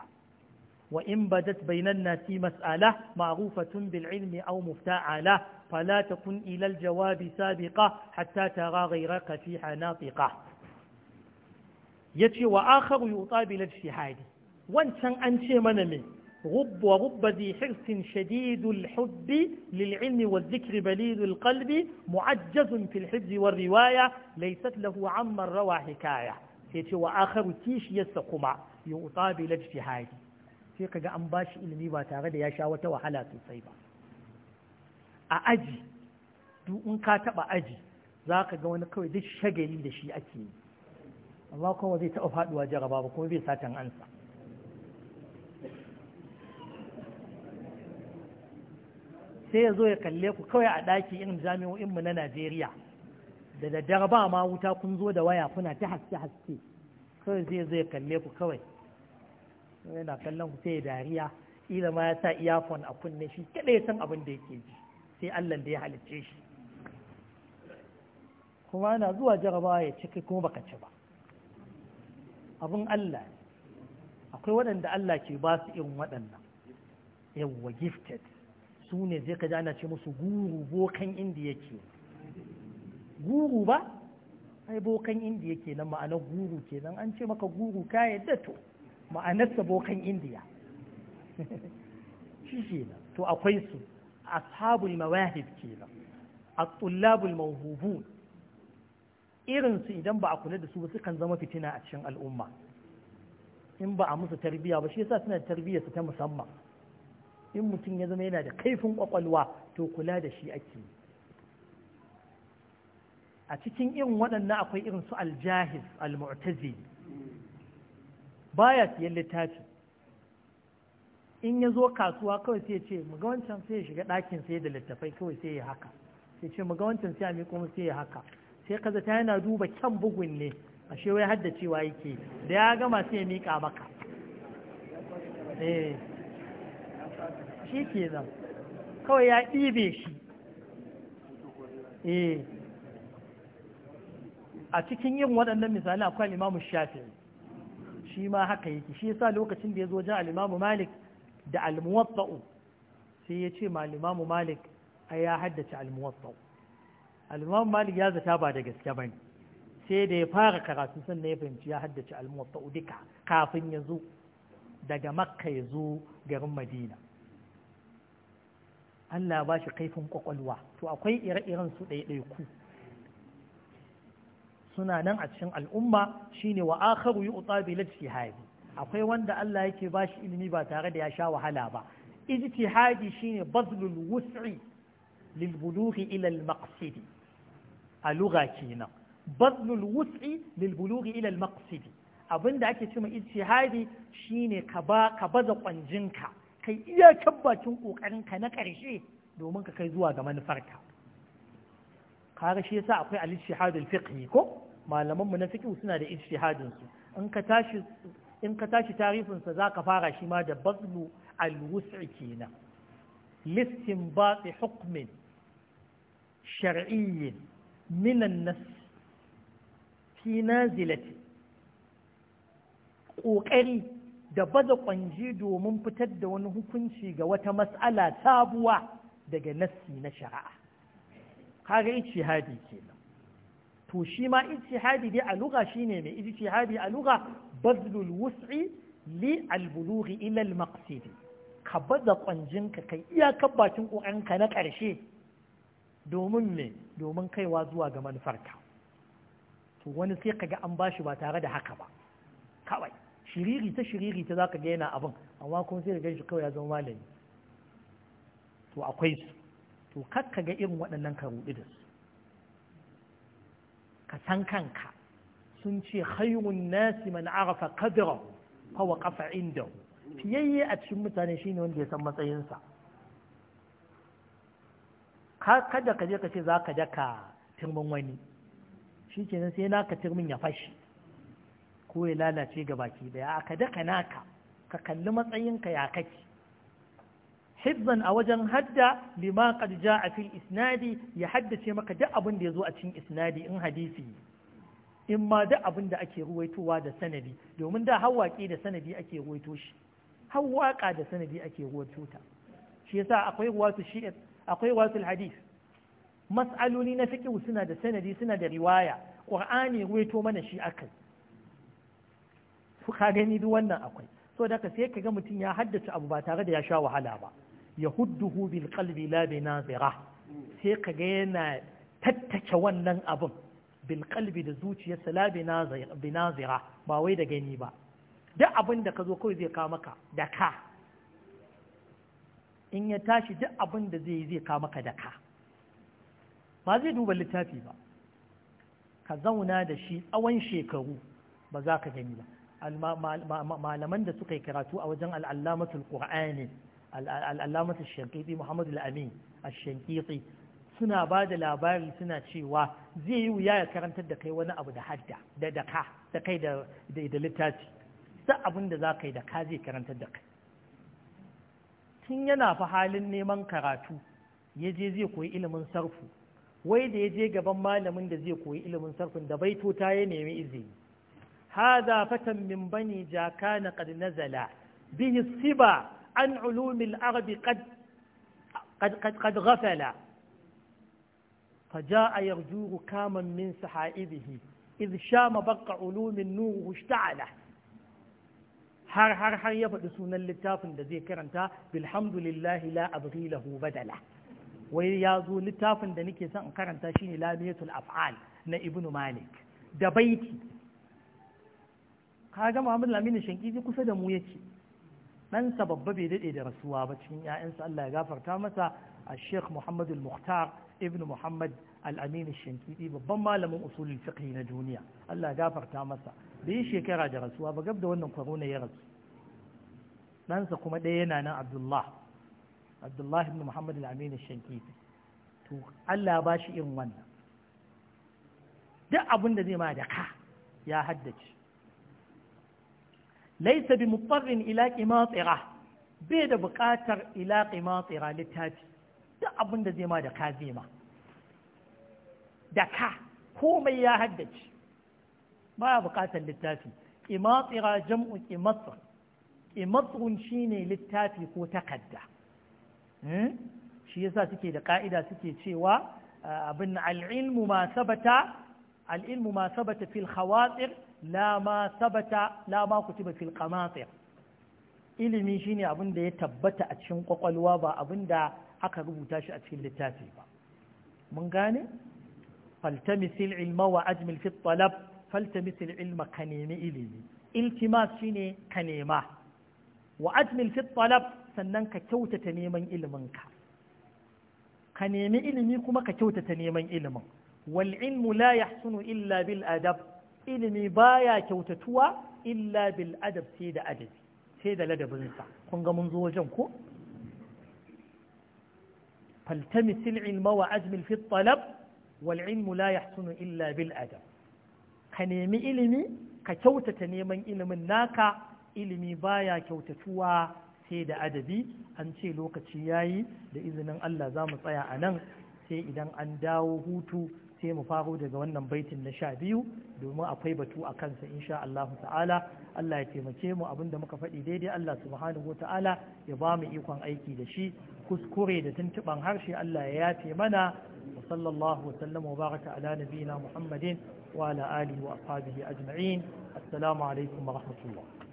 وإن بدت بين الناس مسألة معروفة بالعلم أو مفتعلة فلا تكن إلى الجواب سابقة حتى ترى غيرك في حناطقة يتي وآخر يطابل اجتهادي وانسان أنشي من منه غب وغب ذي حرص شديد الحب للعلم والذكر بليد القلب معجز في الحفظ والرواية ليست له عمن روى حكاية سيتي وآخر كيش يسقما يؤطى بلا اجتهاد sai kaga an ba shi ilimi ba tare da ya sha wata wahala sosai ba a aji duk in ka taba aji za ka ga wani kawai duk shagali da shi ake yi amma kuma zai taɓa faɗuwa jaraba kuma bai satan ansa sai ya zo ya kalle ku kawai a ɗaki irin jami'o'inmu na Najeriya da daddare ba ma wuta kun zo da waya kuna ta haske haske kawai zai zo ya kalle ku kawai yana kallon ku sai dariya ila ma ya sa iyafon a kunne shi kada ya san abin da yake ji sai Allah da ya halicce shi kuma yana zuwa jarabawa ya ci kuma baka ci ba abin Allah akwai waɗanda Allah ke ba su irin waɗannan yawwa gifted su ne zai kaji ana ce musu guru bokan indiya yake guru ba ai bokan indiya yake nan ma'anar guru ke nan an ce maka guru ka yadda to ma'anarsa bokan indiya shi ke nan to akwai su ashabul mawahib ke nan at-tullabul mawhubun irinsu idan ba a kula da su ba sukan zama fitina a cikin al'umma in ba a musu tarbiyya ba shi yasa suna tarbiyyarsu ta musamman in mutum ya zama yana da kaifin kwakwalwa to kula da shi ake a cikin irin waɗannan akwai irin su aljahiz mutazi baya siyan littafi in ya zo kasuwa kawai sai ce mu wancan sai ya shiga ɗakin sai da littafai kawai sai ya haka sai ce mu wancan sai a miƙo sai ya haka sai kaza ta yana duba kyan bugun ne ashe wai haddacewa yake da ya gama sai ya miƙa maka eh. shi ke zan kawai ya ɗibe shi eh a cikin yin waɗannan misali akwai limamu shafi shi ma haka yake shi yasa lokacin da ya zo jan alimamu malik da almuwatta'u sai ya ce ma alimamu malik a ya haddace almuwatta'u alimamu malik ya zata ba da gaske ba ne sai da ya fara karatu sannan ya fahimci ya haddace almuwatta'u duka kafin ya zo daga makka ya zo garin madina Allah ba shi kaifin kwakwalwa to akwai ire-iren su ɗaiɗaiku suna nan a cikin al'umma shine wa akharu yu'ta bi ijtihadi akwai wanda Allah yake ba shi ilimi ba tare da ya sha wahala ba ijtihadi shine bazlul wus'i lil bulughi ila al maqsidi a lugha kenan bazlul wus'i lil bulughi ila al maqsidi abinda ake cewa ijtihadi shine ka ba ka baza kwanjinka kai iya tabbacin ƙoƙarinka na ƙarshe domin ka kai zuwa ga manufarka kaga shi yasa akwai al-ijtihad al-fiqhi ko malaman mu na fiqh suna da ijtihadin su in ka tashi in ka tashi tarifin sa zaka fara shi ma da bazlu al-wus'i kenan listinbat hukm shar'i min an-nas fi nazilati kokari da baza kwanji domin fitar da wani hukunci ga wata mas'ala tabuwa daga nassi na shari'a kaga ijtihadi kenan to shi ma ijtihadi dai a lugha shine mai ijtihadi a lugha bazlul wus'i li al-bulughi ila al ka baza ka kai iyakar bakin ƙoƙarinka na ƙarshe domin me domin kaiwa zuwa ga manufarka to wani sai kaga an bashi ba tare da haka ba kawai shiriri ta shiriri ta za ga yana abin amma kuma sai gan shi kawai ya zama malami to akwai su to kakka ga irin waɗannan ka ruɗu da su ka san kanka sun ce khayrun nasi man arafa qadrahu fa waqafa indahu fiyayye a cikin mutane shine wanda ya san matsayinsa kada ka je ka ce za ka daka turmin wani shi kenan sai naka turmin ya fashi ko ya lalace ga baki daya aka daka naka ka kalli matsayinka ya kake hibban a wajen hadda lima qad jaa fil isnadi ya haddace maka duk abin da yazo a cikin isnadi in hadisi in ma duk abin da ake ruwaitowa da sanadi domin da hawaki da sanadi ake ruwaito shi hawaka da sanadi ake ruwaito ta shi yasa akwai wasu shi'ir akwai ruwatu hadith mas'aloli na fiqh suna da sanadi suna da riwaya qur'ani ruwaito mana shi akai ka gani duk wannan akwai so ka sai kaga ga mutum ya haddace abu ba tare da ya sha wahala ba ya hudduhu bil qalbi la bi nazira sai kaga yana tattace wannan abun bil qalbi da zuciyarsa la bi nazira ba wai da gani ba duk abin da ka zo kawai zai kawo maka da ka in ya tashi duk abin da zai zai kawo maka da ka ba zai duba littafi ba ka zauna da shi tsawon shekaru ba za ka gani ba malaman da suka yi karatu a wajen al'allamatul qur'ani al'allamatul shankiti muhammadu al'amin a shankiti suna ba da labari suna cewa zai yi wuya ya karantar da kai wani abu da hadda da daka da kai da littafi sa abin da za ka yi da ka zai karantar da kai tun yana fa halin neman karatu ya je zai koyi ilimin sarfu wai da ya je gaban malamin da zai koyi ilimin sarfin da baito ta ya nemi izini هذا فتى من بني جا كان قد نزل به الصبا عن علوم الأرض قد, قد, قد, قد غفل فجاء يرجوه كاما من سحائبه إذ شام بق علوم النور اشتعل هر هر هر يفد سنة للتاف الذي كرنتا بالحمد لله لا أبغي له بدلا ويازو للتاف الذي كرنتا شيني لا لامية الأفعال نا ابن مالك دبيتي kaga Muhammad Lamini Shankiji kusa da mu yake ɗansa babba bai daɗe da rasuwa ba cikin ‘ya'yansa Allah ya gafarta masa a Sheikh Muhammad al-Mukhtar ibn Muhammad al-Amin Shankidi babban malamin usulul fiqh na duniya Allah ya gafarta masa bai shekara da rasuwa ba gab da wannan corona ya rasu ɗansa kuma ɗaya yana nan Abdullah Abdullah ibn Muhammad al-Amin Shankidi to Allah ba shi irin wannan duk abin da zai ma da ka ya haddace laisa bi mutarrin ila qimatira bai da buƙatar ila qimatira littafi duk abin da zai ma da ka zai ma da ka komai ya haddace ba ya buƙatar littafi qimatira jam'u qimatr qimatrun shine littafi ko takadda hmm? shi yasa suke da ka'ida suke cewa abin al'ilmu ma sabata al'ilmu ma sabata fil khawatir la ma sabata la ma kutiba fil qamatir ilimi shine abin da ya tabbata a cikin kwakwalwa ba abin da aka rubuta shi a cikin littafi ba mun gane faltamisil ilma wa ajmil fi talab faltamisil ilma ka nemi ilimi iltimas shine ka nema wa ajmil fi talab sannan ka kyautata neman ilimin ka ka nemi ilimi kuma ka kyautata neman ilimin wal ilmu la yahsunu illa bil adab ilimi baya kyautatuwa illa bil adab da adabi sai da ladabinsa kun ga mun zo wajen ku? faltamisil ilma wa ajmil fi talab wal ilmu la illa bil adab ka nemi ilimi ka kyautata neman ilimin naka ilimi baya kyautatuwa sai da adabi an ce lokaci yayi da izinin Allah za mu tsaya anan, sai idan an dawo hutu sai mu faro daga wannan baitin na sha biyu domin akwai batu a kansa insha Allah ta'ala Allah ya taimake mu abinda muka faɗi daidai Allah subhanahu wa ta'ala ya ba mu ikon aiki da shi kuskure da tuntuban harshe Allah ya yafe mana wa sallallahu wasallam wa baraka ala nabiyina Muhammadin wa ala alihi wa ashabihi ajma'in assalamu alaikum wa rahmatullah